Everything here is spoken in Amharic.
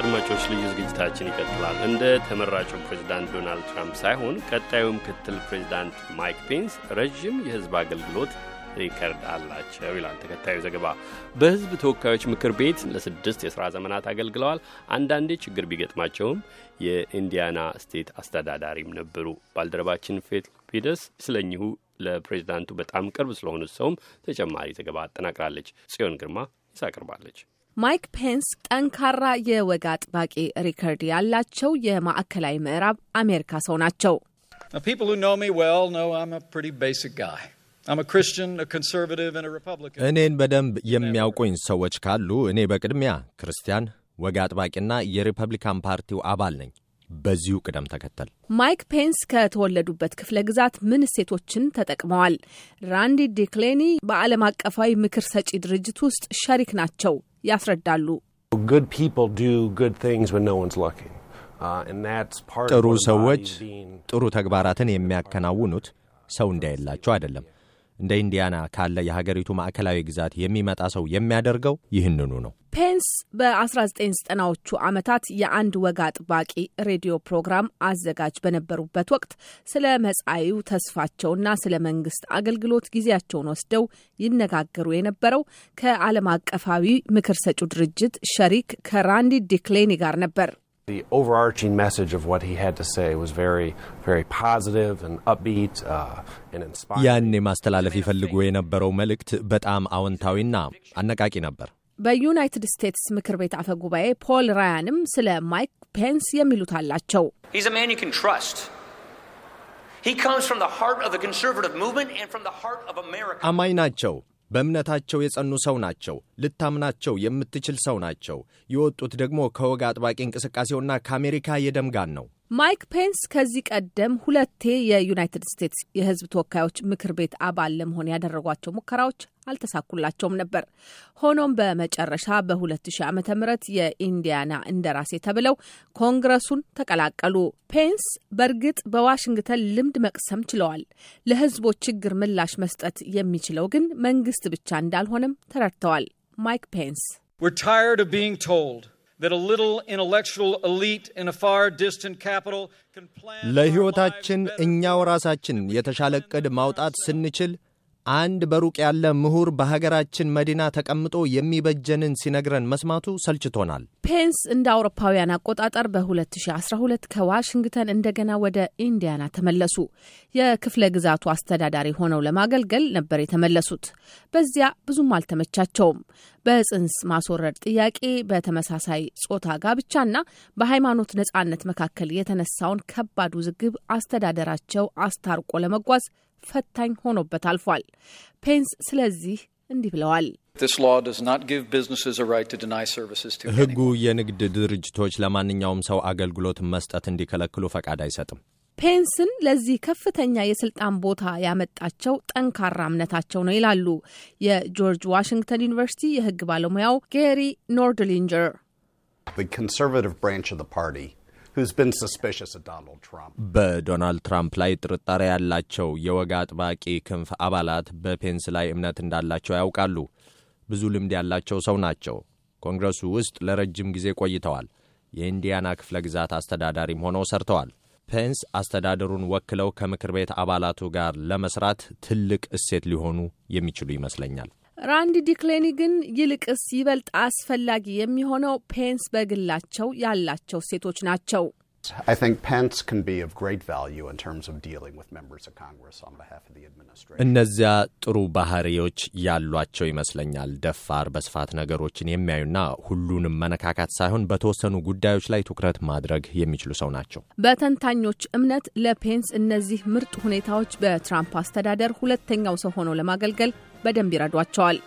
አድማጮች ልዩ ዝግጅታችን ይቀጥላል። እንደ ተመራጩ ፕሬዚዳንት ዶናልድ ትራምፕ ሳይሆን ቀጣዩ ምክትል ፕሬዚዳንት ማይክ ፔንስ ረዥም የህዝብ አገልግሎት ሪከርድ አላቸው ይላል ተከታዩ ዘገባ። በህዝብ ተወካዮች ምክር ቤት ለስድስት የሥራ ዘመናት አገልግለዋል። አንዳንዴ ችግር ቢገጥማቸውም የኢንዲያና ስቴት አስተዳዳሪም ነበሩ። ባልደረባችን ፌት ፒደስ ስለ ለፕሬዚዳንቱ በጣም ቅርብ ስለሆኑት ሰውም ተጨማሪ ዘገባ አጠናቅራለች። ጽዮን ግርማ ይዛ አቅርባለች። ማይክ ፔንስ ጠንካራ የወግ አጥባቂ ሪከርድ ያላቸው የማዕከላዊ ምዕራብ አሜሪካ ሰው ናቸው። እኔን በደንብ የሚያውቁኝ ሰዎች ካሉ እኔ በቅድሚያ ክርስቲያን ወግ አጥባቂና የሪፐብሊካን ፓርቲው አባል ነኝ። በዚሁ ቅደም ተከተል ማይክ ፔንስ ከተወለዱበት ክፍለ ግዛት ምን እሴቶችን ተጠቅመዋል? ራንዲ ዲክሌኒ በዓለም አቀፋዊ ምክር ሰጪ ድርጅት ውስጥ ሸሪክ ናቸው። ያስረዳሉ። uh, ጥሩ ሰዎች ጥሩ ተግባራትን የሚያከናውኑት ሰው እንዳይላቸው አይደለም እንደ ኢንዲያና ካለ የሀገሪቱ ማዕከላዊ ግዛት የሚመጣ ሰው የሚያደርገው ይህንኑ ነው። ፔንስ በ1990ዎቹ ዓመታት የአንድ ወግ አጥባቂ ሬዲዮ ፕሮግራም አዘጋጅ በነበሩበት ወቅት ስለ መጻዩ ተስፋቸውና ስለ መንግስት አገልግሎት ጊዜያቸውን ወስደው ይነጋገሩ የነበረው ከዓለም አቀፋዊ ምክር ሰጪው ድርጅት ሸሪክ ከራንዲ ዲክሌኒ ጋር ነበር። The overarching message of what he had to say was very, very positive and upbeat uh, and inspiring. ያኔ ማስተላለፍ ይፈልጉ የነበረው መልእክት በጣም አዎንታዊና አነቃቂ ነበር። በዩናይትድ ስቴትስ ምክር ቤት አፈ ጉባኤ ፖል ራያንም ስለ ማይክ ፔንስ የሚሉት አላቸው። አማኝ ናቸው። በእምነታቸው የጸኑ ሰው ናቸው። ልታምናቸው የምትችል ሰው ናቸው። የወጡት ደግሞ ከወግ አጥባቂ እንቅስቃሴውና ከአሜሪካ የደም ጋን ነው። ማይክ ፔንስ ከዚህ ቀደም ሁለቴ የዩናይትድ ስቴትስ የሕዝብ ተወካዮች ምክር ቤት አባል ለመሆን ያደረጓቸው ሙከራዎች አልተሳኩላቸውም ነበር። ሆኖም በመጨረሻ በ2000 ዓ ም የኢንዲያና እንደራሴ ተብለው ኮንግረሱን ተቀላቀሉ። ፔንስ በእርግጥ በዋሽንግተን ልምድ መቅሰም ችለዋል። ለህዝቦች ችግር ምላሽ መስጠት የሚችለው ግን መንግስት ብቻ እንዳልሆነም ተረድተዋል። ማይክ ፔንስ ለሕይወታችን እኛው ራሳችን የተሻለ ዕቅድ ማውጣት ስንችል አንድ በሩቅ ያለ ምሁር በሀገራችን መዲና ተቀምጦ የሚበጀንን ሲነግረን መስማቱ ሰልችቶናል። ፔንስ እንደ አውሮፓውያን አቆጣጠር በ2012 ከዋሽንግተን እንደገና ወደ ኢንዲያና ተመለሱ። የክፍለ ግዛቱ አስተዳዳሪ ሆነው ለማገልገል ነበር የተመለሱት። በዚያ ብዙም አልተመቻቸውም። በጽንስ ማስወረድ ጥያቄ፣ በተመሳሳይ ጾታ ጋብቻና በሃይማኖት ነጻነት መካከል የተነሳውን ከባድ ውዝግብ አስተዳደራቸው አስታርቆ ለመጓዝ ፈታኝ ሆኖበት አልፏል። ፔንስ ስለዚህ እንዲህ ብለዋል። ሕጉ የንግድ ድርጅቶች ለማንኛውም ሰው አገልግሎት መስጠት እንዲከለክሉ ፈቃድ አይሰጥም። ፔንስን ለዚህ ከፍተኛ የስልጣን ቦታ ያመጣቸው ጠንካራ እምነታቸው ነው ይላሉ የጆርጅ ዋሽንግተን ዩኒቨርሲቲ የሕግ ባለሙያው ጌሪ ኖርድሊንጀር። በዶናልድ ትራምፕ ላይ ጥርጣሬ ያላቸው የወግ አጥባቂ ክንፍ አባላት በፔንስ ላይ እምነት እንዳላቸው ያውቃሉ። ብዙ ልምድ ያላቸው ሰው ናቸው። ኮንግረሱ ውስጥ ለረጅም ጊዜ ቆይተዋል። የኢንዲያና ክፍለ ግዛት አስተዳዳሪም ሆነው ሰርተዋል። ፔንስ አስተዳደሩን ወክለው ከምክር ቤት አባላቱ ጋር ለመስራት ትልቅ እሴት ሊሆኑ የሚችሉ ይመስለኛል። ራንድ ዲክሌኒ ግን ይልቅስ ይበልጥ አስፈላጊ የሚሆነው ፔንስ በግላቸው ያላቸው ሴቶች ናቸው። I think Pence can be of great value in terms of dealing with members of Congress on behalf of the administration. እነዚያ ጥሩ ባህሪዎች ያሏቸው ይመስለኛል። ደፋር፣ በስፋት ነገሮችን የሚያዩና ሁሉንም መነካካት ሳይሆን በተወሰኑ ጉዳዮች ላይ ትኩረት ማድረግ የሚችሉ ሰው ናቸው። በተንታኞች እምነት ለፔንስ እነዚህ ምርጥ ሁኔታዎች በትራምፕ አስተዳደር ሁለተኛው ሰው ሆነው ለማገልገል በደንብ ይረዷቸዋል።